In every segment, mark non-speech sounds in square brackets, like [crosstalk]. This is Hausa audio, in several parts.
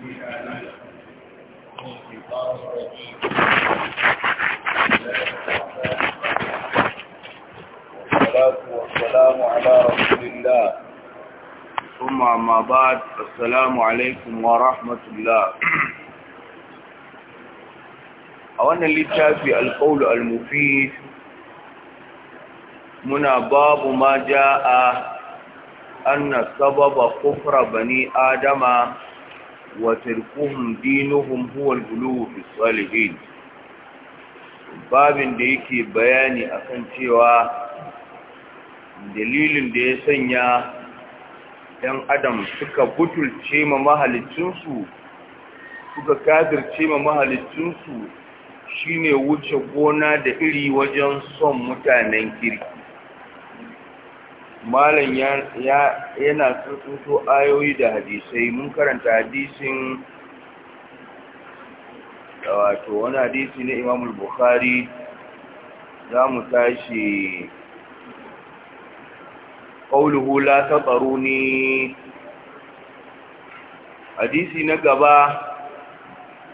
والسلام على رسول الله ثم ما بعد السلام عليكم ورحمة الله أولا للتافي القول المفيد منا باب ما جاء أن سبب كفر بني آدم وتركهم دينهم هو الغلو في الصالحين babin da yake bayani akan cewa dalilin da ya sanya ɗan adam suka butulce ma mahalicinsu suka kadirce ma mahalicinsu shine wuce gona da iri wajen son mutanen kirki malam yana tututo ayoyi da hadisai mun karanta hadisin wato wani hadisi na imam bukhari za mu tashi ƙauluhu la taɓaruni hadisi na gaba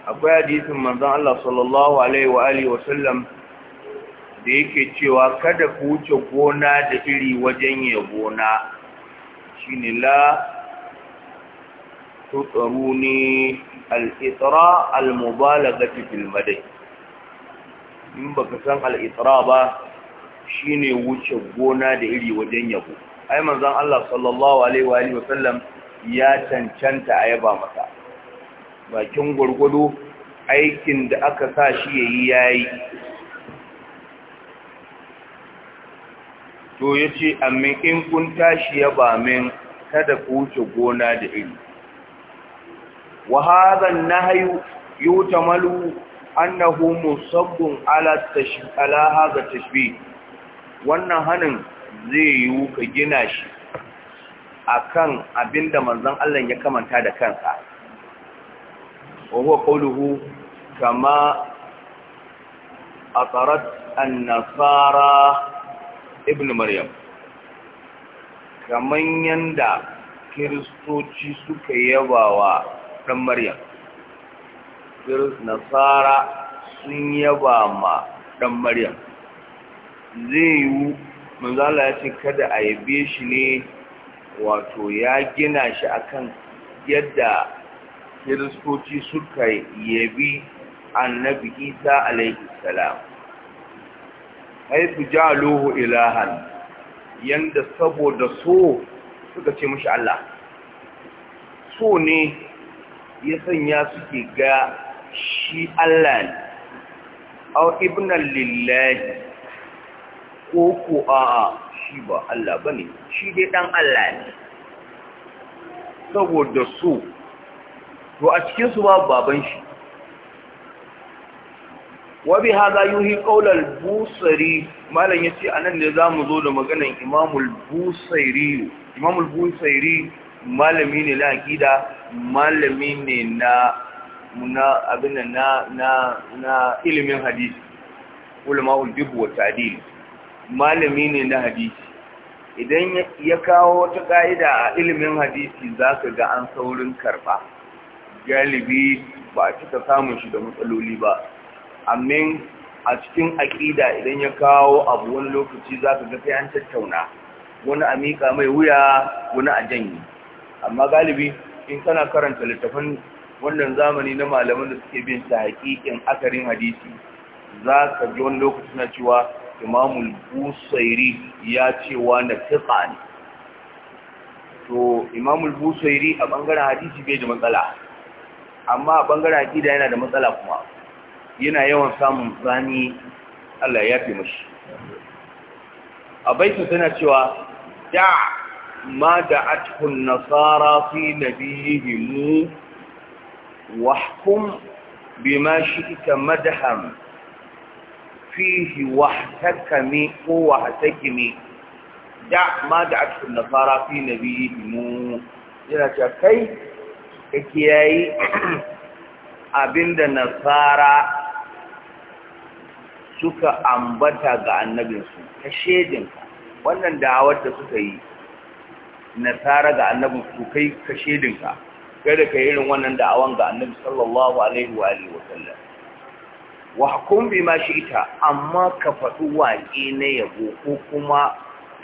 akwai hadisin manzan Allah sallallahu Alaihi wa'ali wasallam da yake cewa kada ku wuce gona da iri wajen gona shi ne la ne al'itara al ga cikin madai in ba ka san al'itara ba shi ne wuce gona da iri wajen yabo ai manzan Allah sallallahu Alaihi wasallam ya cancanta a yaba masa bakin gwargwado aikin da aka sa shi ya yi ya yi to ya ce amin in kun tashi ya ba min kada ku wuce gona da iri wa hadhan nahyu yutamalu annahu musabbun ala tashbih ala hadha tashbih wannan hanin zai yiwu ka gina shi akan abinda manzon Allah ya kamanta da kansa wa huwa qawluhu kama atarat an-nasara ibn maryam kamar yanda kiristoci suka yaba wa ɗan maryam nasara sun yaba ma ɗan maryam zai yiwu manzala ya ce kada a yabe shi ne wato ya gina shi akan yadda kiristoci suka yabi annabi isa alaihi salam haifu ja'aluhu ilahan yanda saboda so suka ce mashi Allah so ne ya sanya suke ga shi Allah ne au ibnan lillahi ko ko a'a shi ba Allah bane shi dai dan Allah ne saboda so to a cikin su ba baban shi wabi haza yuhi qaulal busari malam yace anan ne zamu zo da maganan imamul busairi imamul busairi malami ne na aqida malami ne na na abin na na na ilimin hadisi ulama'ul jibr wa ta'dil malami ne na hadisi idan ya kawo wata ka'ida a ilimin hadisi zaka ga an saurin karba galibi ba a cika samun shi da matsaloli ba amin a cikin aƙida idan ya kawo abu wani lokaci za ka ga sai an tattauna wani a miƙa mai wuya wani a janyi amma galibi in kana karanta littafin wannan zamani na malaman da suke bin ta haƙiƙin akarin hadisi za ka ji wani lokaci na cewa imamul busairi ya wa na fiƙa ne to imamul busairi a ɓangaren hadisi bai da matsala amma a ɓangaren aƙida yana da matsala kuma yana yawan samun zani Allah ya fi mashi a baitu tana cewa da ma da atkun nasara fi nabiyihimu wahkum bima ita madham fihi wahtakami ko wahtakimi da ma da atkun nasara fi mu. yana cewa kai kake yayi [clears throat] abinda nasara suka ambata ga annabinsu ta shedinka wannan da'awar da suka yi nasara ga annabin su kai ka shedinka kada ka yi irin wannan da'awan ga annabi sallallahu alaihi wa alihi wa sallam wa hukum ma shi'ta amma ka faɗi waƙe na yabo ko kuma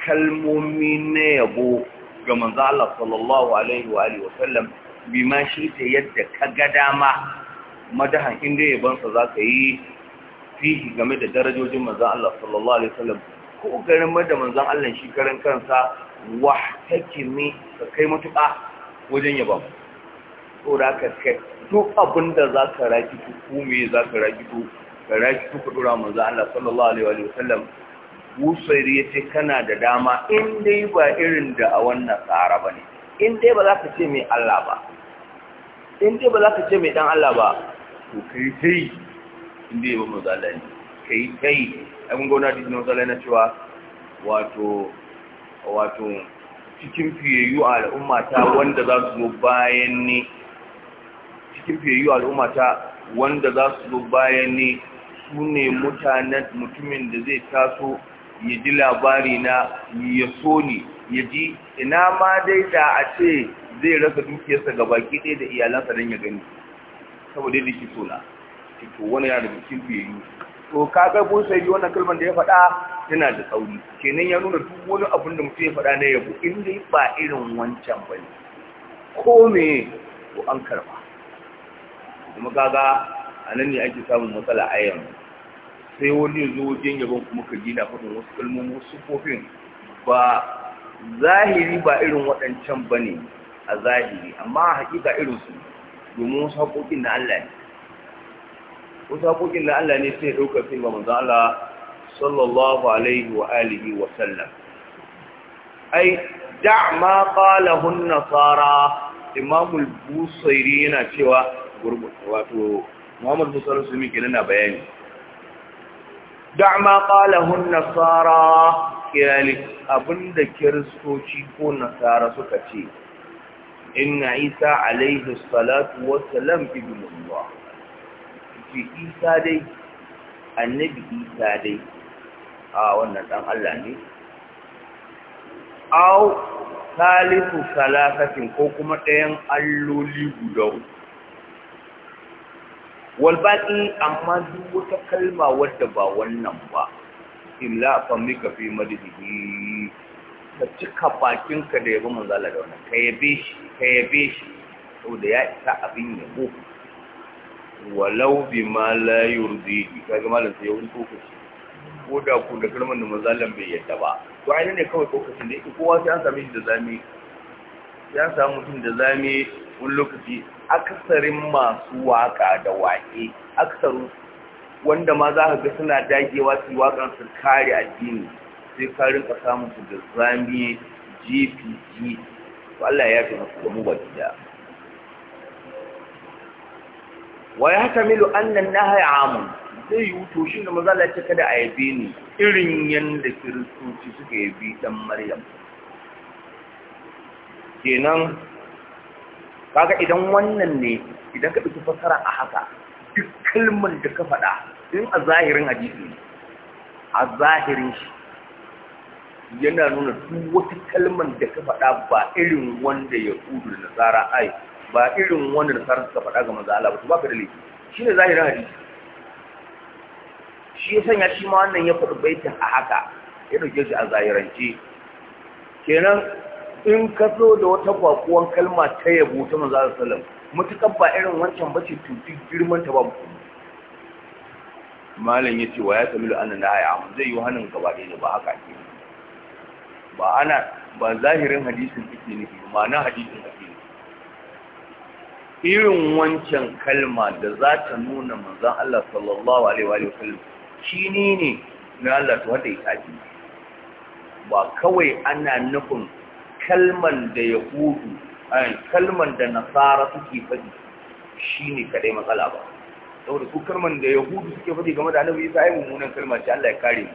kalmomi na yabo ga manzo Allah sallallahu alaihi wa alihi wa sallam bima shi'ta yadda ka ga dama madahan inda yabansa zaka yi fihi game da darajojin manzon Allah sallallahu alaihi wasallam ko garin mada manzon Allah shi karan kansa wahtakimi ka kai mutuka wajen yaba ko da ka kai duk abinda zaka raki ko ko me zaka raki to ka raki ku ka dora manzon Allah sallallahu alaihi wasallam busairi yace kana da dama in dai ba irin da a wannan tsara bane in dai ba za ka ce mai Allah ba in dai ba za ka ce mai dan Allah ba to kai sai ka yi gona cikin mazala na cewa wato wato cikin fiyayyu a al'umma ta wanda za su zo bayan ne cikin fiyayyu a al'umma ta wanda za su zo bayan ne su ne mutanen mutumin da zai taso ya ji labari na ya so ni ya ji ina ma dai da a ce zai rasa dukiyarsa ga baki ɗaya da iyalansa don ya gani saboda yadda ke so na to wani yana bikin cikin biyayyu to ka ga ko sai wannan kalmar da ya fada yana da tsauri kenan ya nuna duk wani abin da mutum ya faɗa na yabo in dai ba irin wancan ba ne ko me ko an karba kuma kaga a nan ne ake samun matsala a yanzu sai wani ya zo wajen yabon kuma ka gina faɗin wasu kalmomin wasu kofin ba zahiri ba irin waɗancan bane, a zahiri amma a haƙiƙa irinsu domin wasu haƙoƙin na Allah ne wasu haƙoƙin na Allah ne sai ɗauka sun ga manzan Allah sallallahu alaihi wa alihi wa sallam ai da ma qalahun nasara imamul busairi yana cewa wato muhammad busairi su miki na bayani da ma qalahun nasara kiyali abinda kiristoci ko nasara suka ce inna isa alaihi salatu wassalam ibnullah ce isa dai annabi isa dai a wannan dan Allah ne au salisu salasatin ko kuma ɗayan alloli guda walbaƙi amma duk wata kalma wadda ba wannan ba illa famika fi madadihi ka cika bakinka da yabo manzala da wannan ka shi ka yabe shi saboda ya isa abin yabo walau bi ma la yurdi kaga malam sai ya wuri kokaci ko da ku da kalmar da mazalan bai yadda ba to ai ne kawai kokacin da kowa sai an same da zame ya samu mutum da zami wani lokaci Aksarin masu waka da waƙe akasarin wanda ma za ka ga suna dagewa su yi waƙan su kare addini sai ka rinka samun su da zami gpg to Allah ya fi masu da mu gida. wa ya tamilu annan na amun zai yi wuto shi da mazala ce kada a yabe ni irin yadda kiristoci suka yabi dan maryam kenan kaga idan wannan ne idan ka ɗauki fasara a haka duk kalmar da ka faɗa in a zahirin hadisi ne a zahirin shi yana nuna duk wata kalmar da ka faɗa ba irin wanda ya kudu da nasara ai ba irin wanda nasara suka faɗa ga manzo Allah ba to baka da laifi ne zahirin hadisi shi ya sanya shi ma wannan ya faɗi baitin a haka ya dauke shi a zahirance kenan in ka zo da wata bakuwan kalma ta yabo ta manzo Allah sallallahu alaihi ba irin wancan bace tuti girman ta ba mu. malam yace wa ya tamilu da ya amma zai yi hanin gaba ne ba haka ke ba ana ba zahirin hadisin take nufi ma'ana hadisin take irin wancan kalma da za ta nuna manzan Allah sallallahu Alaihi wasallam shi ne ne na Allah ta wanda ya tafi ba kawai ana nufin kalman da yahudu eh, kalman da nasara suke faɗi shi ne kadai matsala ba saboda su kalman da yahudu suke faɗi game da annabi isa sa'ai mummunan kalma ce Allah ya kare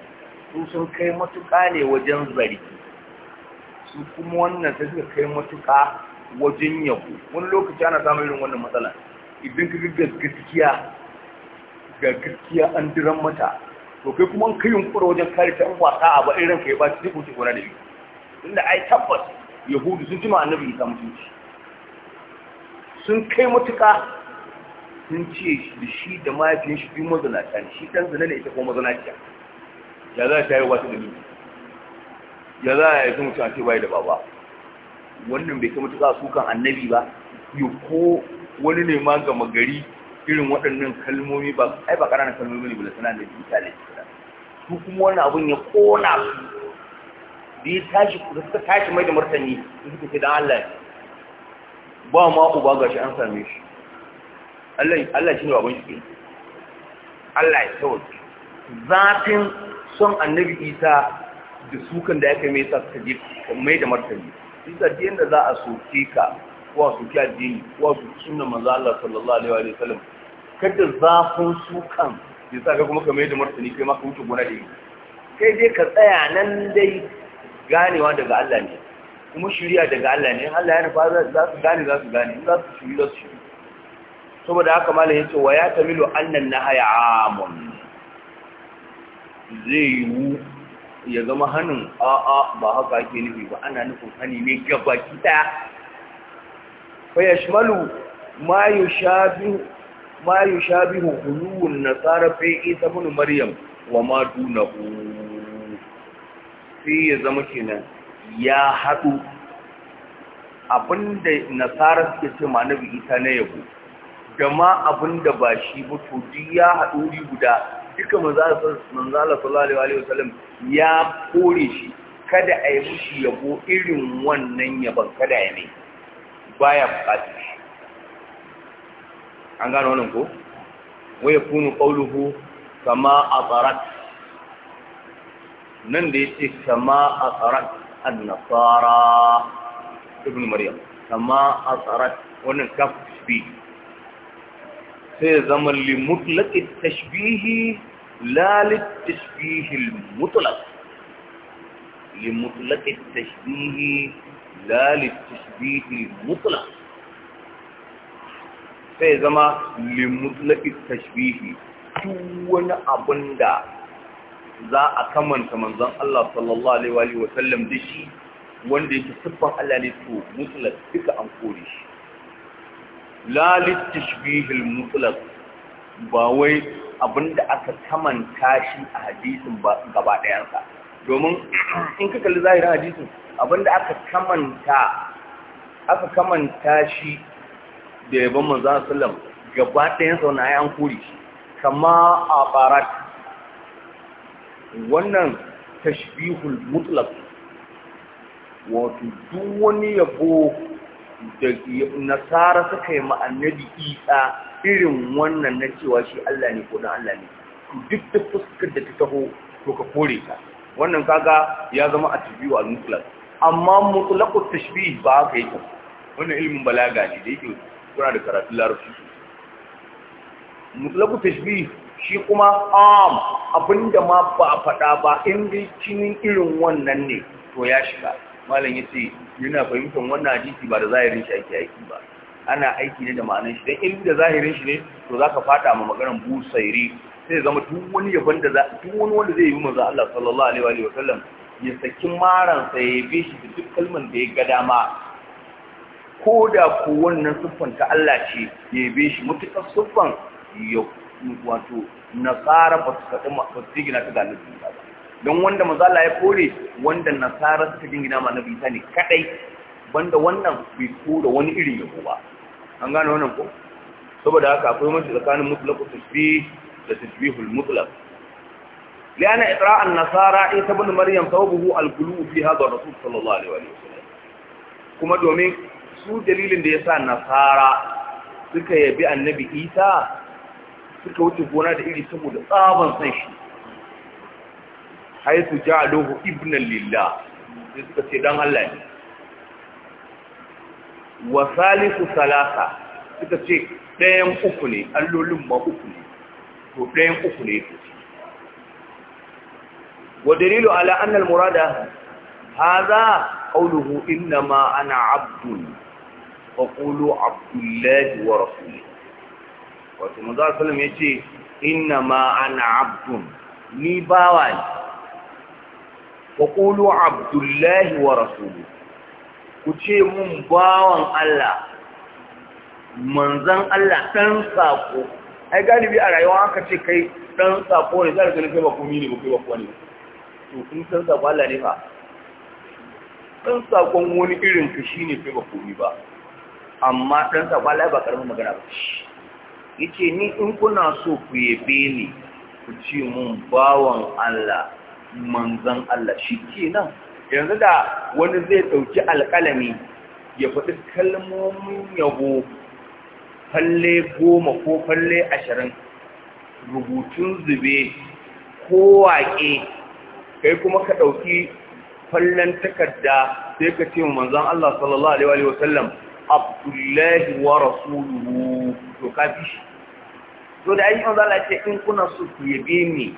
mu su sun kai matuƙa ne wajen zargi su kuma wannan ta suka kai matuƙa wajen yabo wani lokaci ana samun irin wannan matsala idan ka ga gaskiya ga gaskiya an diran mata to kai kuma kai yunkura wajen kare ta wasa a ba irin ya ba ci kuce gona da shi inda ai tabbas yahudu sun jima annabi isa mutunci sun kai matuka sun ce da shi da mahaifin shi biyu mazalata shi dan zina ne ita ko mazalaciya ya za ta yi wata da ya za a yi mutum a ce bai da baba wannan bai kama tuka sukan annabi ba yi ko wani ne ma gama gari irin waɗannan kalmomi ba ai ba ƙananan kalmomi ne bala sana da ta ne su kuma wannan abin ya kona su da ya tashi da suka tashi mai da martani da suka ce don Allah ba ma ku ba gashi an same shi Allah shi ne baban shi Allah ya kawai zafin son annabi isa da sukan da ya kai mai sa suka je mai da martani isa da yadda za a soke ka ko a soke addini ko a soke sunna manzo Allah sallallahu alaihi wa sallam kada zafin sukan ya sa ka kuma kamar yadda martani kai ma ka wuce gona da yi kai dai ka tsaya nan dai ganewa daga Allah ne kuma shirya daga Allah ne Allah ya nufa za su gane za su gane za su shiri za su shiri saboda haka malam ya ce wa ya tamilu annan nahaya amun zai yiwu ya zama hannun a'a ba haka ake nufi ba ana nufin hannu ne gabaki daya fa yashmalu ma yushabihu ma hukunuwun na nasara fi isa munu maryam wa ma duna sai ya zama kenan ya haɗu. abinda nasara suke ce ma nabi ita na yabo da ma abinda ba shi ba to duk ya hadu guda duka manzala sallallahu alaihi wasallam ya kore shi kada a yi mushi yabo irin wannan yabon kada ya ne baya bukatu shi an gano wannan ko waya kunu qauluhu kama azarat nan da ce kama azarat an-nasara ibn maryam kama azarat wannan kaf bi sai zama li mutlaqit tashbihi لا للتشبيه المطلق لمطلق التشبيه لا للتشبيه المطلق sai zama limutlaki tashbihi duk wani abin da za a kamanta manzon Allah sallallahu alaihi wa sallam da shi wanda yake siffan Allah ne to mutlak duka an kore shi la litashbihil mutlak ba wai abinda aka kamanta shi a hadisin gaba ɗayansa domin [clears throat] in ka kalli zahirin hadisin abinda aka kamanta aka kamanta shi da yaban manzo sallam gaba ɗayansa wani ayi an kama a barat wannan tashbihul mutlaq wato duk wani yabo da nasara suka yi ma isa irin wannan na cewa shi Allah ne ko dan Allah ne duk da fuskar da ta taho to ka kore ta wannan kaga ya zama a attribute al-mutlaq amma mutlaqut tashbih ba haka yake wannan ilmin balaga ne da yake kuna da karatun larabci mutlaqut tashbih shi kuma am abinda ma ba a faɗa ba in dai cinin irin wannan ne to ya shiga malam yace yana fahimtar wannan hadisi ba da zahirin shi ake aiki ba ana aiki ne da ma'anar shi dan inda zahirin shi ne to zaka fada ma maganar busairi sai zama duk wani yabon da duk wani wanda zai yi manzo Allah sallallahu alaihi wa sallam ya saki maran sa ya bi shi da duk kalman da ya ga dama ko da ko wannan sufan ta Allah ce ya bi shi mutukar sufan ya wato nasara ba su faɗi ba su jigina ta galibin ba don wanda mazala ya kore wanda nasara suka jingina ma na bisa ne kadai banda wannan bai kore wani irin yabo ba an gane wannan ko saboda haka akwai mace tsakanin mutlaq tasbih da tasbihul mutlaq لأن إقراء النصارى maryam بن مريم ثوبه القلوب في هذا الرسول صلى الله عليه وسلم كما دومين su dalilin da ya sa nasara suka yabi annabi isa suka wuce gona da iri saboda tsaban san shi haitu ja'aluhu ibnan lillah sai suka ce dan Allah ne wa salisu salasa suka ce ɗayan uku ne allolin ma uku ne to ɗayan uku ne yake wa dalilu ala annal murada hadha qawluhu inna ma ana abdun wa qulu abdullahi wa rasuluhu wato manzo sallallahu alaihi ce inna ma ana abdun ni bawa ne wa qulu abdullahi wa rasuluhu ku ce mun bawan Allah manzan Allah ɗan saƙo ai galibi a rayuwa aka ce kai ɗan saƙo ne zai ganin kai ba komi ne ba kai ba kuwa ne to kun san saƙo Allah ne fa ɗan saƙon wani irin ka shi ne kai ba komi ba amma ɗan saƙo Allah ba ƙaramin magana ba yace ni in kuna so ku yebe ni ku ce mun bawan Allah manzan Allah shi kenan yanzu da wani zai ɗauki alƙalami ya faɗi kalmomin yabo falle goma ko falle ashirin rubutun zube ko waƙe kai kuma ka ɗauki fallen takarda sai ka ce manzan Allah sallallahu Alaihi wasallam abdullahi wa rasuluhu to kafi shi so da ayyukan zala ce in kuna su yabe ni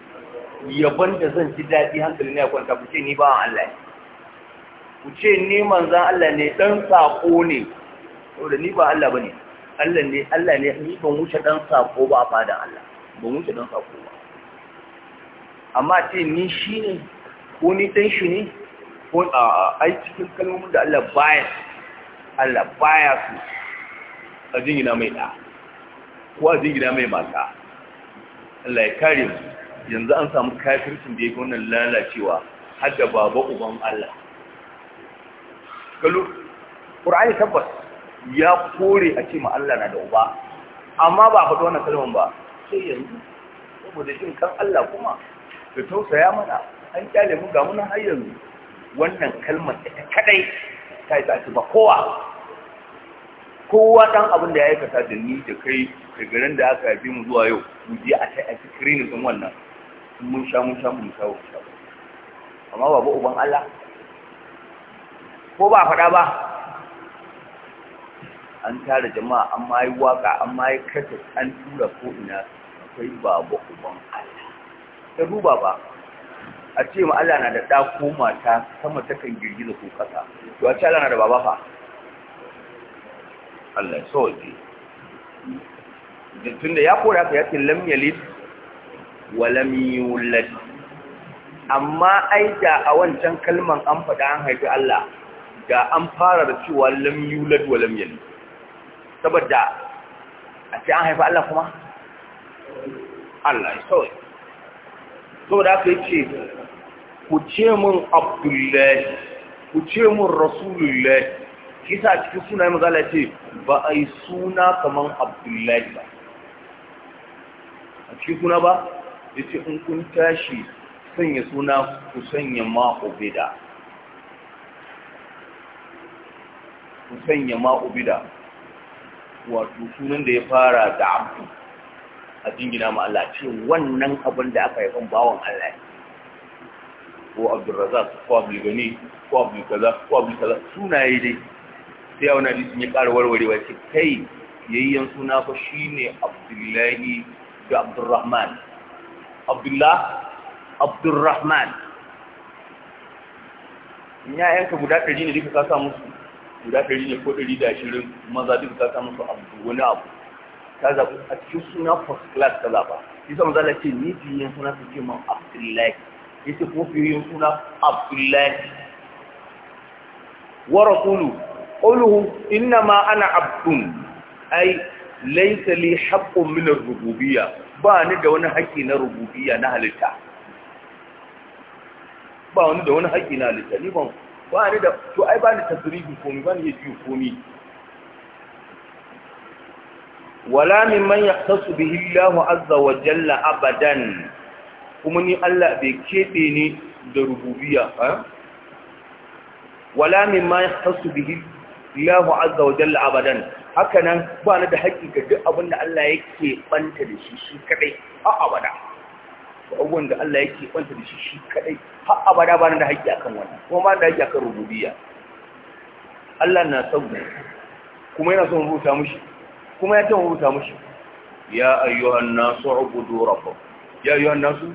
yaban da zan ji daɗi hankali na ya kwanta ku ce ni ba Allah ya ku ce ni manzan Allah ne dan sako ne saboda ni ba Allah bane Allah ne Allah ne ni ban wuce dan sako ba a fadan Allah ban wuce dan sako ba amma ce ni shi ne ko ni dan shi ne ko a ai cikin kalmomin da Allah baya Allah baya su a jingina mai da ko a jingina mai mata Allah ya kare mu yanzu an samu kafircin da yake wannan lalacewa har da baba uban Allah kalu qur'ani tabbas ya kore a ce ma Allah na da uba amma ba faɗi wannan kalman ba sai yanzu saboda jin kan Allah kuma da tausaya mana an kyale mu ga muna har yanzu wannan kalmar ita kadai ta yi ta ba kowa kowa dan abin da ya aikata da ni da kai daga garin da aka haife mu zuwa yau mu je a ta aiki kirinin din wannan mun sha mun sha mun sha mun sha amma babu uban Allah ko ba faɗa ba an tara jama'a an ma yi waƙa an ma yi kasas an tura ko'ina akwai babu uban Allah ta duba ba a ce ma Allah na da ɗa ko mata sama ta kan girgiza ko kasa to a ce Allah na da baba fa Allah so ji tun da ya kora ka ya ce lam yalid wa lam yulad amma ai da a wancan kalman an faɗa an haifi Allah da an fara da cewa lam yulad wa lam yalid saboda a ce an haifa Allah kuma Allah ya sauri. saboda aka ce ku ce mun abdullahi ku ce mun rasulullahi kisa cikin sunayen mazala ce ba a yi suna kaman abdullahi ba a cikin suna ba ya ce in kun tashi sanya suna ku sanya ma'ubida ku sanya ma'ubida wato sunan da ya fara da abu a jingina ma Allah ce wannan abin da aka haifan bawan Allah ko Abdulrazak ko Abdulgani ko Abdulkaza ko Abdulkaza sunaye dai sai yawon sun yi ƙara warwarewa ce kai yayyan suna fa shine Abdullahi da Abdulrahman Abdullah Abdulrahman ya yanka guda ɗari ne duka ka sa musu guda ɗari ne ko ɗari da ashirin maza duk ka samu su abu wani abu ka zaɓi a cikin suna first class ka zaɓa isa maza da ce ni fiye suna su ce man abdullahi ya ce kuma fiye suna abdullahi Wara Kulu rasulu qawluhu ma ana abdun ai laysa li haqqun min rububiyya ba ni da wani haƙƙi na rububiyya na halitta ba wani da wani haƙƙi na halitta ni ban ba ni da to ai ba ni tasrifi komi ba ni ya biyu komi wala mimman yaqtasu bihi Allah azza wa jalla abadan kuma ni Allah bai kebe ni da rububiyya wala mimma yaqtasu bihi Allah azza wa jalla abadan hakanan ba ni da hakika duk abin da Allah yake banta da shi shi kadai a abada abubuwan da Allah yake kwanta da shi shi kadai har abada ba da haƙƙi akan wani, kuma ba da haƙƙi akan rububiyya Allah na son kuma yana son rubuta mushi kuma ya tawo rubuta mushi ya ayyuhan nasu ubudu rabbakum ya ayyuhan nasu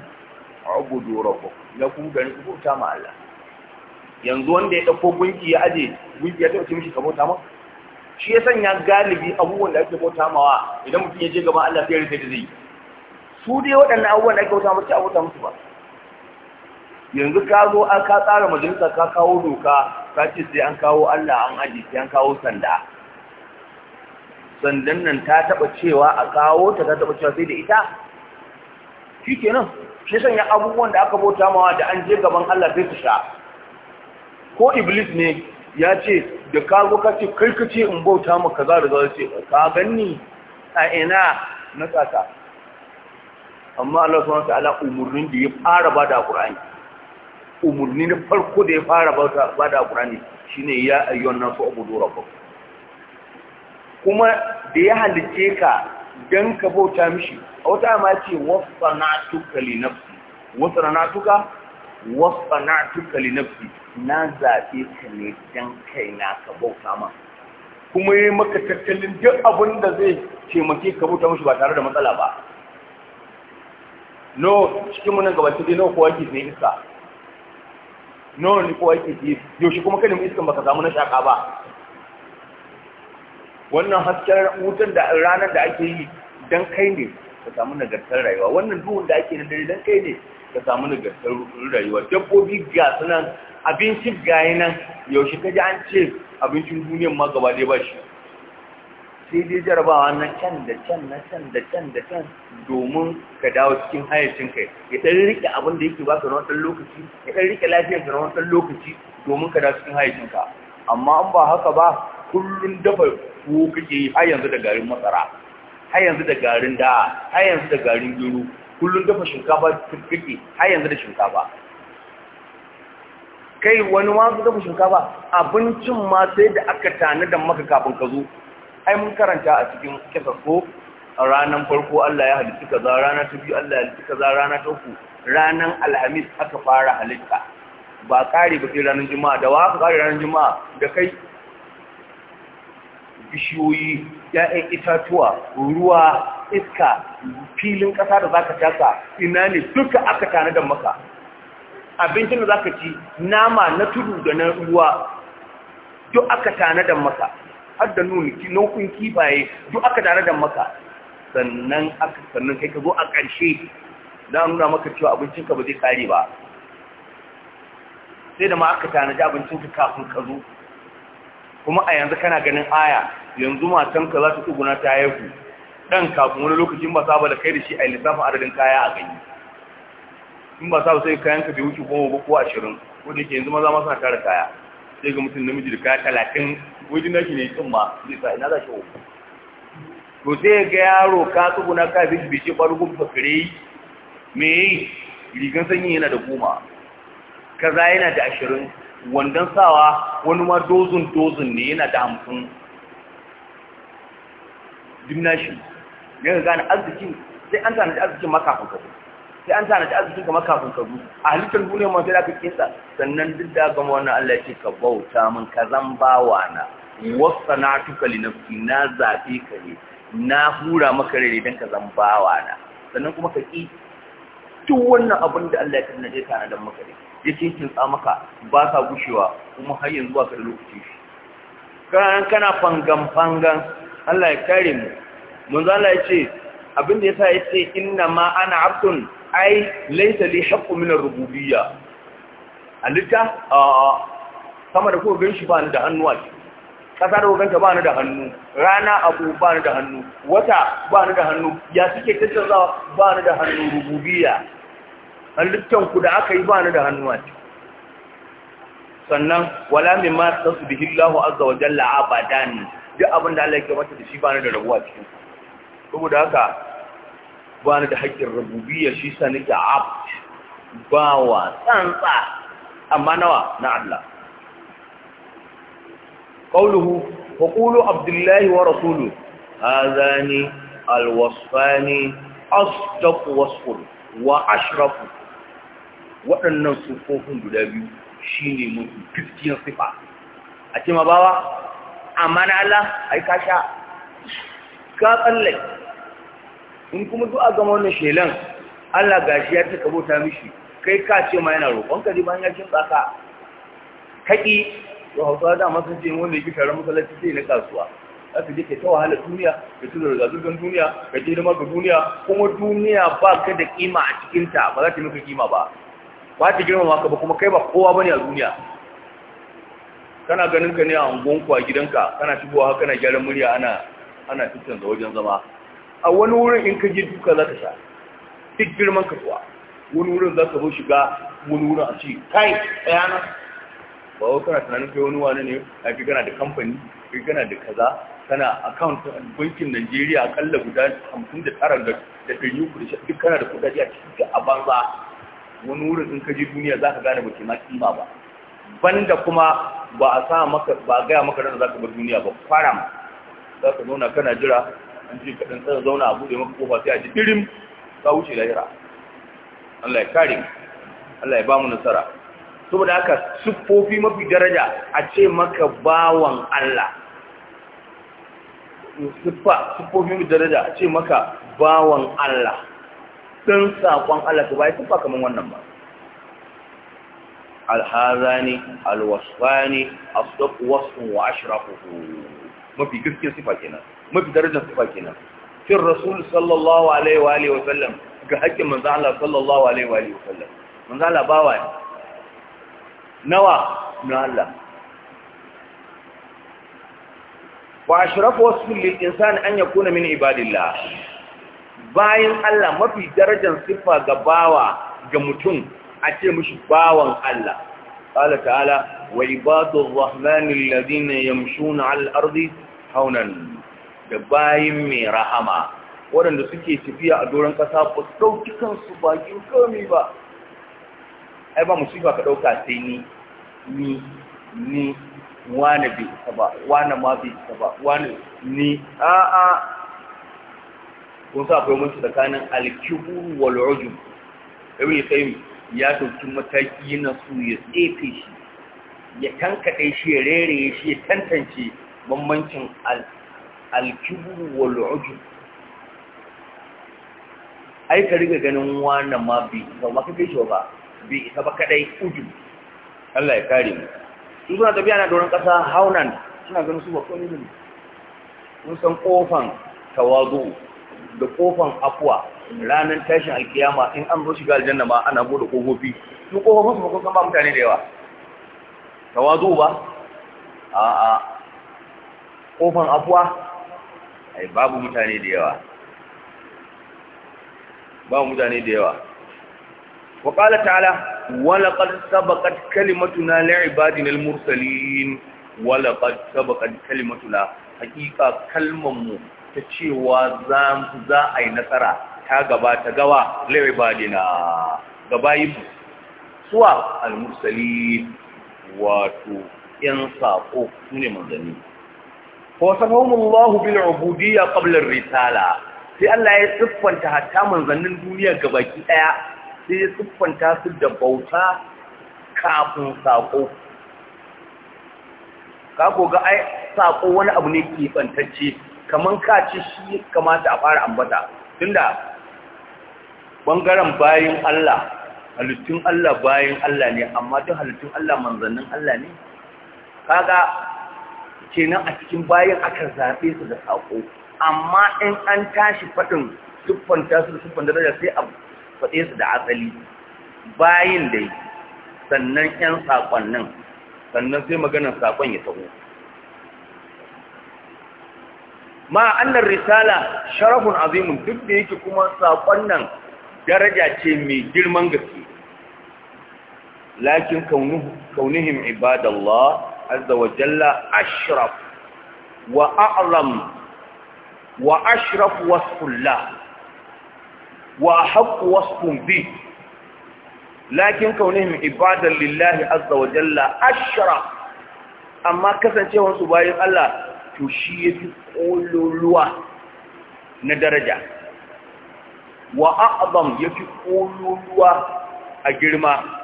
ubudu rabbakum ya ku ga ku bauta ma Allah yanzu wanda ya dauko gunki ya aje gunki ya tawo mushi ka rubuta ma shi ya sanya galibi abubuwan da ake bauta mawa idan mutum ya je gaban Allah sai ya rike da zai su dai waɗannan abubuwan da ake wuta mace a wuta musu ba yanzu ka zo an ka tsara majalisa ka kawo doka ka ce sai an kawo Allah an aji sai an kawo sanda sandan nan ta taɓa cewa a kawo ta ta taɓa cewa sai da ita shikenan shi sanya abubuwan da aka bauta mawa da an je gaban Allah sai su sha ko iblis ne ya ce da ka zo ka ce kai ka ce in bauta maka kaza da za ce ka ganni a ina na tsaka amma Allah subhanahu ala umarnin da ya fara bada Qur'ani umurni na farko da ya fara bada shi ne ya ayyon nasu ubudu ba kuma da ya halice ka don ka bauta mishi a wata ma ce na tuka linafsi wasana'tuka na tuka nafsi na tuka, na zabe ka ne kai kaina ka bauta ma kuma yi maka tattalin duk abin da zai taimake ka bauta mishi ba tare da matsala ba no cikin munan gaba dai nawa kowa ke sai iska nawa ni kowa ke sai yaushe kuma iska iskan baka samu na shaka ba wannan hasken wutan da ranar da ake yi dan kai ne ka samu nagartar rayuwa wannan duhun da ake na dare dan kai ne ka samu nagartar rayuwa dabbobi ga sunan abinci ga nan yaushe ka ji an ce abincin duniyan ma gaba ba shi sai dai jarabawa na can da can na can da can da can domin ka dawo cikin hayacin kai ya ɗan riƙe abin da yake ba na wani lokaci ya ɗan riƙe lafiyar ka na wani lokaci domin ka dawo cikin hayacin ka amma an ba haka ba kullum dafa ko kake yi har yanzu da garin masara har yanzu da garin da har yanzu da garin gero kullum dafa shinkafa kake har yanzu da shinkafa kai wani ma dafa shinkafa abincin ma sai da aka tana da maka kafin ka zo ai mun karanta a cikin kisa ko ranan farko Allah ya halitta kaza rana ta biyu Allah ya halitta kaza rana ta uku ranan alhamis aka fara halitta ba kare ba sai ranar juma'a da wa ka kare ranar juma'a da kai bishiyoyi ya'yan itatuwa ruwa iska filin ƙasa da zaka taka ina ne duka aka tanada maka abincin da zaka ci nama na tudu da na ruwa duk aka tanada maka har da nun nau'in kifaye duk aka tare da maka sannan aka sannan kai ka zo a ƙarshe da nuna maka cewa abincinka ba zai kare ba sai da ma aka tanaji abincinka kafin ka zo kuma a yanzu kana ganin aya yanzu matanka za ta tsuguna ta haihu ɗan kafin wani lokacin ba saba da kai da shi a lissafin adadin kaya a gani in ba saba sai kayanka bai wuce goma ba ko ashirin ko da yake yanzu maza ma suna tara kaya sai ga mutum namiji da kaya talatin wajen nashi ne tsumma zai sa ina za shi wofi to sai ga yaro ka tsuguna ka fi bishi ɓargun fakare me yi rigan sanyi yana da goma kaza yana da ashirin wandon sawa wani ma dozin dozin ne yana da hamsin dimnashi yana gane arzikin sai an gane arzikin makafin kafin sai an tana da arziki kamar kafin ka gudu a halittar duniya ma sai da aka kinsa sannan duk da gama wannan Allah ce ka bauta min ka zan bawa na wasa na tuka na zaɓe ka na hura maka rere don ka zan bawa na sannan kuma ka ƙi duk wannan abin da Allah ya tana da tana don maka ne ya maka ba ka gushewa kuma har yanzu ba ka da lokaci shi kana kana fangan fangan Allah ya kare mu mun Allah ya abin da ya ce inna ma ana abdun ai laisa li haqqu min ar-rububiyya alika a sama da kuka ganshi ba ni da hannu hannuwa kasa da ganta ba ni da hannu rana abu ba ni da hannu wata ba ni da hannu ya suke tattaunawa ba ni da hannu rububiyya halittan ku da aka yi ba ni da hannu hannuwa sannan wala mimma tasbihi Allahu azza wa jalla abadan duk abin da Allah ya kamata da shi ba ni da rabuwa cikin saboda haka ba ni da haƙƙin rububiyya shi sa nake abd bawa tsantsa amma nawa na Allah qawluhu wa qulu abdullahi wa rasuluhu hadani alwasfani asdaq wasfun wa ashraf waɗannan sufofin guda biyu shine mutum gaskiyar sifa a ce bawa amma na Allah ai ka sha ka tsallake in kuma zuwa a gama wannan shelan Allah gashi ya ta kabota mishi kai ka ce ma yana roƙon ka bayan ya kin tsaka kaki to hausa da masu ce wanda yake taron masallaci sai na kasuwa za ka je ka ta wahala duniya ka ci zurga zurgan duniya ka je hidima ga duniya kuma duniya ba ka da kima a cikinta ba za ta maka kima ba ba ta girmama ka ba kuma kai ba kowa bane a duniya kana ganin ka ne a unguwanku a gidanka kana shigowa kana gyaran murya ana ana da wajen zama a wani wurin in ka je duka za ka sha duk girman ka kuwa wani wurin za ka zo shiga wani wurin a ce kai tsayana ba wai kana tunanin kai wani wani ne a fi gana da kamfani kai kana da kaza kana account bankin Najeriya akalla guda hamsin da da ɗari uku da duk kana da kudaje a cikin ka a banza wani wurin in ka je duniya za ka gane ba ke ma kima ba banda kuma ba a sa maka ba a gaya maka da za ka bar duniya ba kwaram za ka zauna kana jira an ji kaɗan tsara zauna a buɗe maka kofa sai a ji ɗirim ta wuce lahira Allah ya kare Allah ya ba mu nasara saboda haka siffofi mafi daraja a ce maka bawan Allah siffa siffofi mafi daraja a ce maka bawan Allah Ɗan saƙon Allah ta bai siffa kamar wannan ba alhazani alwasfani asdaq wasu wa ashrafu mafi gaskiyar sifa kenan ما بدرجنا في فاكنا في الرسول صلى الله عليه وآله وسلم كحك من ذعلا صلى الله عليه وآله وسلم من ذعلا باوان نوى من الله وأشرف وصف للإنسان أن يكون من عباد الله باين الله ما في درجة صفة قباوة قمتون أتي مش باوة الله قال تعالى وعباد الرحمن الذين يمشون على الأرض هونا da bayin mai rahama waɗanda suke tafiya a doron ƙasa ba su ɗauki kansu ba bakin kome ba ai ba musifa ka ɗauka sai ni ni ni wane bai isa ba wane ma bai isa ba wane ni a'a kun sa akwai mutu tsakanin alkihu wal ujub ibn qayyim ya dauki mataki yana su ya tsefe shi ya tankade shi ya rere shi ya tantance bambancin alkibru wal ujub ai ka riga ganin wannan ma bi ba ma kai shi ba bi isa ba kadai ujub Allah ya kare mu su suna tafiya na doron kasa haunan suna ganin su ba komai ne mun san kofan tawadu da kofan afwa ranar tashin alkiyama in an zo shiga aljanna ma ana gode kofofi su kofofin su ba kun ba mutane da yawa tawadu ba a'a kofan afuwa ai babu mutane da yawa babu mutane da yawa wa qala ta'ala wa laqad sabaqat kalimatuna li'ibadina al-mursalin wa laqad sabaqat kalimatuna haqiqa kalmanmu ta cewa za za ai nasara ta gaba ta gawa li'ibadina gabayin suwa al-mursalin wato yan sako sune manzanni wasafahumullahu bil ubudiyya qabla ar-risala sai Allah ya siffanta hatta manzannin duniya ga baki ɗaya, sai ya siffanta su da bauta kafin sako ka goga ai sako wani abu ne ke bantacce kaman ka ce shi kamata a fara ambata tunda bangaren bayin Allah halittun Allah bayin Allah ne amma duk halittun Allah manzannin Allah ne kaga kenan a cikin bayan aka zaɓe su da saƙo amma in an tashi faɗin siffanta su da daraja sai a faɗe su da asali bayin dai sannan 'yan saƙonnin sannan sai maganar saƙon ya taho ma annar risala sharafun azimun duk da yake kuma saƙon nan daraja ce mai girman gaske lakin kaunihim ibadallah azza wa jalla ashraf wa a'lam wa ashraf wasfullah wa haqq wasfun bi lakin kaunihim ibadan lillahi azza wa jalla ashraf amma kasancewar su bayan Allah to shi yafi kololuwa na daraja wa yafi kololuwa a girma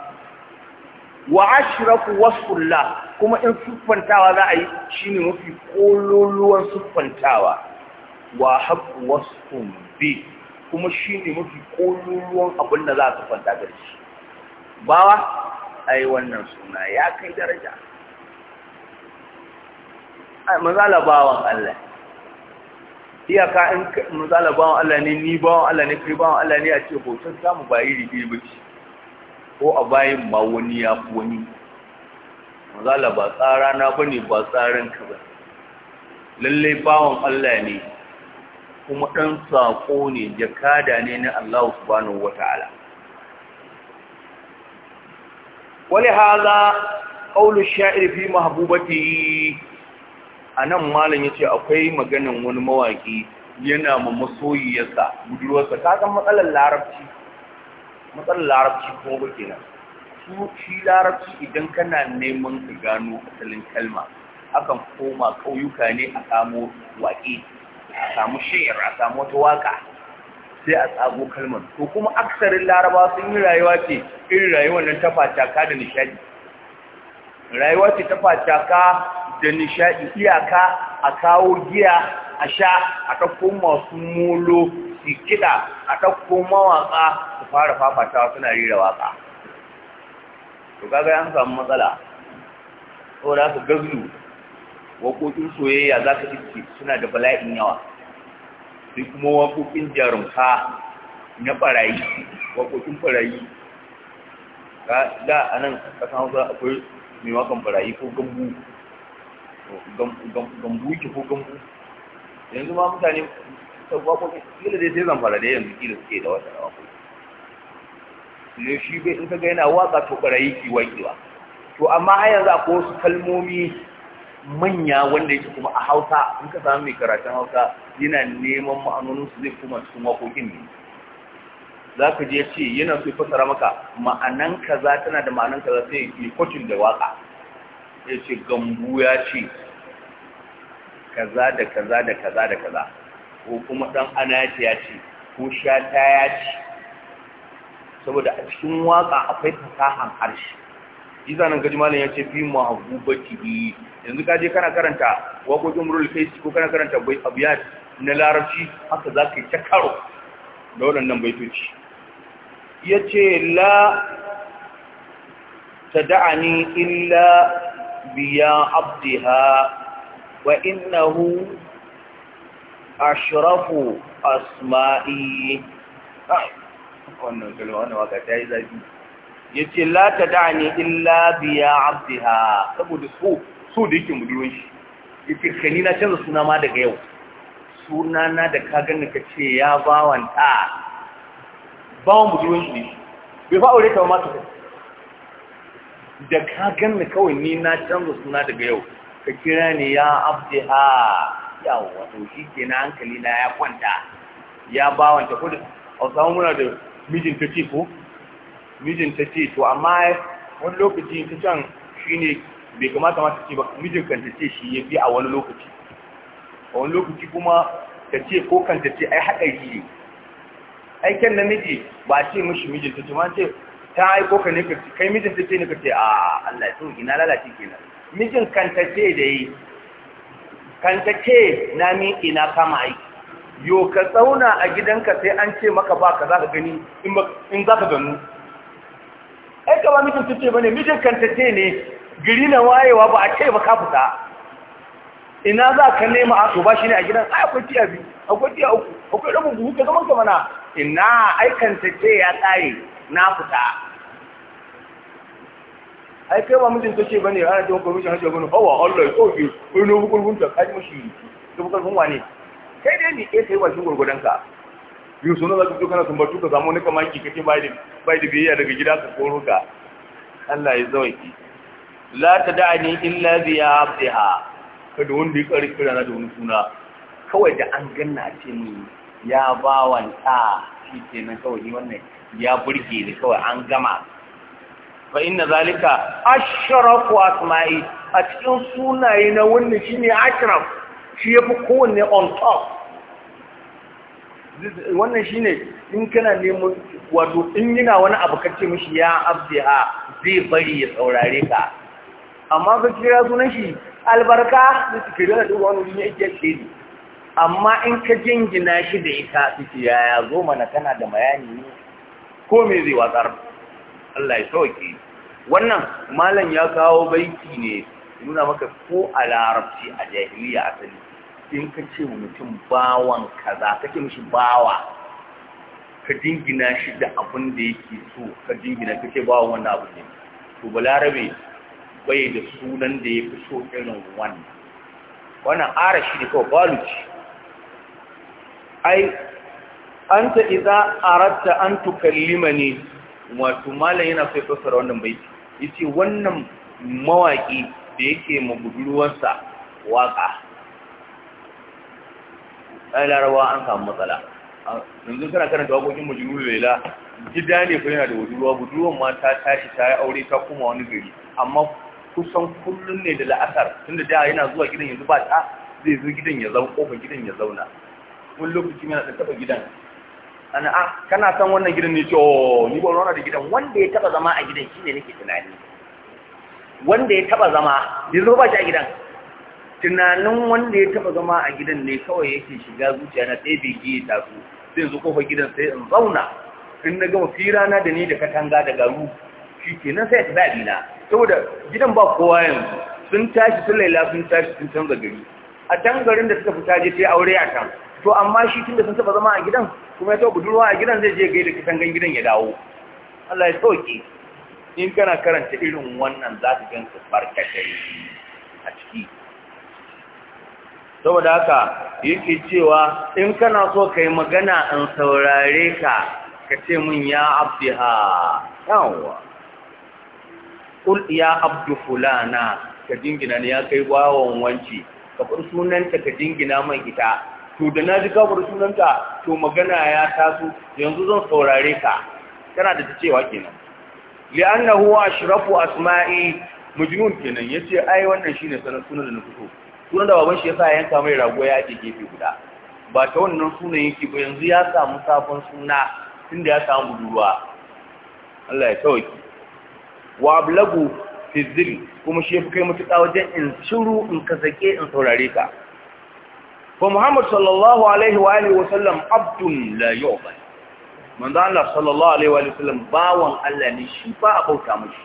wa ashrafu wasfullah kuma in siffantawa za a yi shine mafi kololuwan siffantawa wa habbu wasfun bi kuma shine mafi kololuwan abin da za a siffanta da shi bawa ai wannan suna ya kai daraja ai mazala bawan Allah iyaka in mazala bawan Allah ne ni bawan Allah ne kai bawan Allah ne a ce hoton samu ba iri ba ce ko a bayan ma wani ya fi wani mazala ba tsara na ba ne ba tsarin ka ba lallai bawan Allah ne kuma ɗan saƙo ne jakada ne na Allah subhanahu wa ta'ala wani haza ƙaunar sha'ir fi mahabubati a nan malam ya ce akwai maganin wani mawaki, yana ma masoyiyarsa budurwarsa ta kan matsalar larabci matsalar larabci ko ba nan, su shi larabci idan kana neman ka gano asalin kalma akan koma ƙauyuka ne a samu waƙe a samu shi'ir a samu wata waƙa sai a tsago kalmar to kuma aksarin laraba sun yi rayuwa ce irin rayuwar nan ta fataka da nishadi rayuwa ce ta da nishadi iyaka a kawo giya a sha a ɗauko masu molo su kiɗa a ɗauko mawaƙa fara fafatawa suna rera waka to kaga an samu matsala saboda su gazu waƙoƙin soyayya za ka iske suna da bala'in yawa sai kuma waƙoƙin jarumka na ɓarayi waƙoƙin ɓarayi da a nan ƙasa hausa akwai mai wakan ɓarayi ko gambu gambu ki ko gambu yanzu ma mutane waƙoƙin kila dai sai zamfara da yanzu kila suke da wata waƙoƙi ne shi bai in kaga yana waka to barayi ki to amma har yanzu akwai wasu kalmomi manya wanda yake kuma a Hausa in ka samu mai karatun Hausa yana neman ma'anonin su zai kuma cikin wakokin ne Za ka je ce yana so ya fasara maka ma'anan kaza tana da ma'anan kaza sai ya kwacin da waka ya ce gambu ya ce kaza da kaza da kaza da kaza ko kuma dan anaci ya ce ko shata ya ce saboda a cikin waka akwai fasahan harshe iza nan gaji malam ya ce fi mahabubati yanzu ka kana karanta waƙoƙin murul kaisi ko kana karanta bai abiyat na larabci haka za ka yi ta karo da waɗannan baitoci ya ce la ta da'ani illa biya abdiha wa innahu ashrafu asma'i wannan kalma wani waka ta yi zafi Ya ce, la tad'ani illa biya ha saboda so, so da yake budurwan shi ce kani na canza suna ma daga yau suna na da ka gani ka ce ya bawan ta bawan budurwan shi ne bai fa aure ta ma ta da ka gani kawai ni na canza suna daga yau ka kira ni ya ha yawa to shi ke na hankali na ya kwanta ya bawanta ko da a samun muna da mijin ta ce ko mijin ta ce to amma wani lokaci ta can ne bai kamata ma ta ce ba mijin kan ta ce shi ya fi a wani lokaci a wani lokaci kuma ta ce ko kan ta ce ai haɗari ne aiken namiji ba ce mishi mijin ta ce ma ce ta aiko ka ne kai mijin ta ce ne ka ce a Allah ya tsoki na lalace kenan mijin kan ta ce da yi kan ta ce na miƙe na kama aiki yo ka tsauna a gidanka sai an ce maka ba ka za ka gani in za ka zannu. ai ka ba mijin tuce ba ne mijin kantace ne giri na wayewa ba a ce ba ka fita ina za ka nema a to ba shi ne a gidan ai akwai tiya biyu akwai tiya uku akwai rabin buhu ka zama kamana ina ai kantace ya tsaye, na fita ai kai ba mijin tuce ba ne ana ce maka mijin hajji ya gano hawa allah ya tsofe wani nubu kulbunta kaji kai dai miƙe kai washin gurgudan ka biyu sun zaka duka na sumbatu ka samu wani kamar ki ce, bai da bai da biyayya daga gida ka koro ka Allah ya zawaki la tad'ani illa bi abdiha kada wanda ya kare kira na da wani suna kawai da an ganna ce ni ya bawan ta shi na kawai ni wannan ya burge ni kawai an gama fa inna zalika ashrafu asma'i a cikin sunaye na wannan shine ashraf shi ya fi kowanne on top wannan shi ne in kana neman wato in yana wani abu kace mashi ya abdiha zai bari ya saurare ka amma ka kira sunan shi albarka da suke da duk wani ne yake ce ne amma in ka jingina shi da ita suke yaya zo mana kana da mayani ne ko me zai watsar Allah ya sauke wannan malam ya kawo baiti ne nuna maka ko a larabci a jahiliya asali in ka ce wa mutum bawan kaza ka ce mishi bawa ka jingina shi da abin da yake so ka jingina ka ce bawa wanda abu ne to balarabe bai da sunan da ya fi so irin wannan wannan shi ne kawai baluci ai an ta iza aratta an tukallima ne wato malam yana sai fassara wannan baiti yace wannan mawaki da yake ma budurwarsa waka ai larawa an samu matsala yanzu kana karanta wakokin majnun laila gida ne fa yana da wajuruwa budurwan ma ta tashi ta yi aure ta kuma wani gari amma kusan kullum ne da la'asar tun da yana zuwa gidan yanzu ba ta zai zo gidan ya zauna kofar gidan ya zauna wani lokaci yana da taɓa gidan ana a ah, kana san wannan gidan ne cewa ni ba wani da gidan wanda ya taba zama a gidan shine nake tunani wanda ya taba zama yanzu ba shi a gidan tunanin wanda ya taba zama a gidan ne kawai yake shiga zuciya na sai bege ya taso sai zo kofar gidan sai in zauna in na gama fira na da ni da katanga da garu shi ke nan sai ta a na saboda gidan ba kowa yanzu sun tashi sun laila sun tashi sun canza gari a can garin da suka fita je sai aure a can to amma shi tun da sun taba zama a gidan kuma ya taba budurwa a gidan zai je gai da katangan gidan ya dawo Allah ya sauke in kana karanta irin wannan za ka ganta barkatai a ciki saboda haka yake cewa in kana so kai magana in saurare ka ka ce min ya abdiha yawa kul ya abdu fulana ka jingina ne ya kai wawan wanci ka bar sunanta ka jingina man ita to da na ji ka bar sunanta to magana ya taso yanzu zan saurare ka kana da cewa kenan li'annahu ashrafu asma'i majnun kenan yace ai wannan shine sanan sunan da na fito sunan da baban shi ya sa yanka mai rago ya ake gefe guda ba ta wannan sunan yake ba yanzu ya samu sabon suna tunda ya samu budurwa Allah ya tawaki wa ablagu fi zil kuma shi fi kai mutuka wajen in shiru in kasake in saurare ka fa Muhammad sallallahu alaihi wa alihi wa sallam abdun la yu'bad manzo Allah sallallahu alaihi wa alihi wa sallam bawan Allah ne shi ba bauta mushi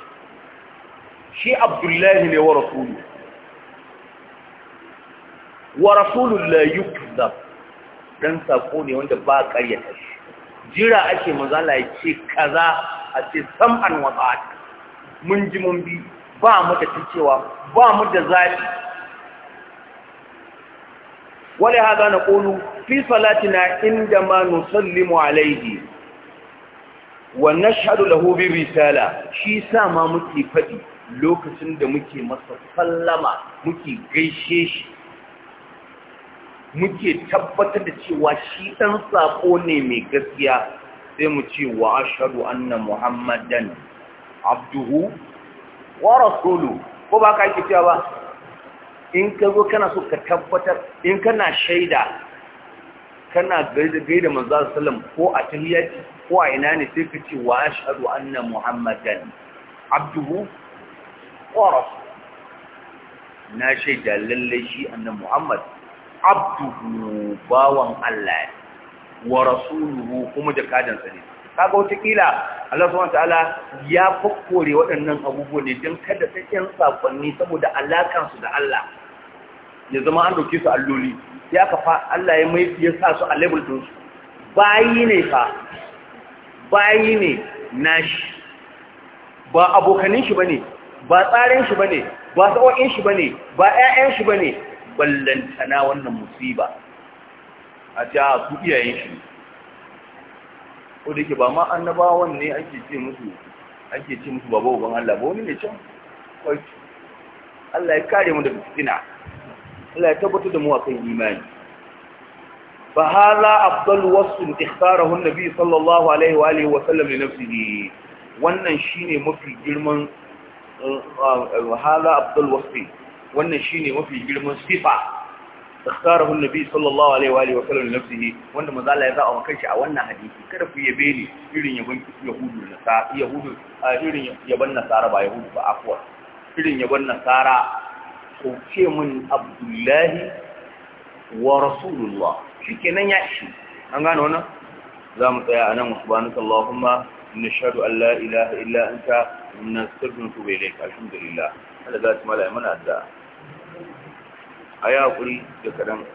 shi Abdullahi ne wa rasuluhu wa rasulun yukzab dan sako ne wanda ba ƙaryata shi jira ake manzala ya ce kaza a ce sam'an wa ta'at mun ji mun bi ba mu da cewa ba mu da zafi wale haza na ƙonu fi salatina inda ma nusallimu alaihi wa nashhadu lahu bi risala shi sa ma muke faɗi lokacin da muke masa sallama muke gaishe shi muke tabbatar da cewa shi ɗan sako ne mai gaskiya sai mu ce wa ashadu anna muhammadan abduhu wa rasulu ko ba ka yi cewa ba in ka zo kana so ka tabbatar in kana shaida kana gaida manzo sallam ko a tahiyyati ko a ina ne sai ka ce wa ashadu anna muhammadan abduhu wa rasulu na shaida lallai shi annan muhammad abduhu bawan Allah wa rasuluhu kuma jakadansa ne kaga wata kila Allah subhanahu ta'ala ya kokkore waɗannan abubuwa ne don kada sai yan sakonni saboda alakan su da Allah ya zama an dauke su alloli sai aka fa Allah ya mai ya sa su a level din su bayi ne fa bayi ne nashi ba abokanin shi bane ba tsaren shi bane ba sa'o'in shi bane ba ƴaƴan shi bane ballantana wannan musiba a ta a su iyayen shi ke ba ma annabawan ne ake ce musu ake ce musu baba uban Allah ba wani ne can kwai Allah ya kare mu daga fitina Allah ya tabbatar da mu imani fa hadha afdal wasf ikhtarahu an-nabi sallallahu alaihi wa alaihi wasallam sallam li Wannan wannan ne mafi girman eh, eh, hadha afdal wasu wannan shine mafi girman sifa اختاره النبي صلى sallallahu alaihi wa sallam, لنفسه wanda manzo Allah ya zaba kanshi a wannan hadisi kada ku yabe ni irin yabon yahudu na sa yahudu irin yabon nasara ba yahudu ba afwa irin yabon nasara ko ce mun abdullahi wa rasulullah shikenan ya ishi an gane wannan za mu tsaya anan subhanaka allahumma nashhadu an la ilaha illa anta nastaghfiruka wa ilayka alhamdulillah Allah za ta mana addu'a a yi haƙuri da kaɗan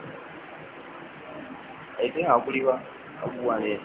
a yi haƙuri ba abubuwa ne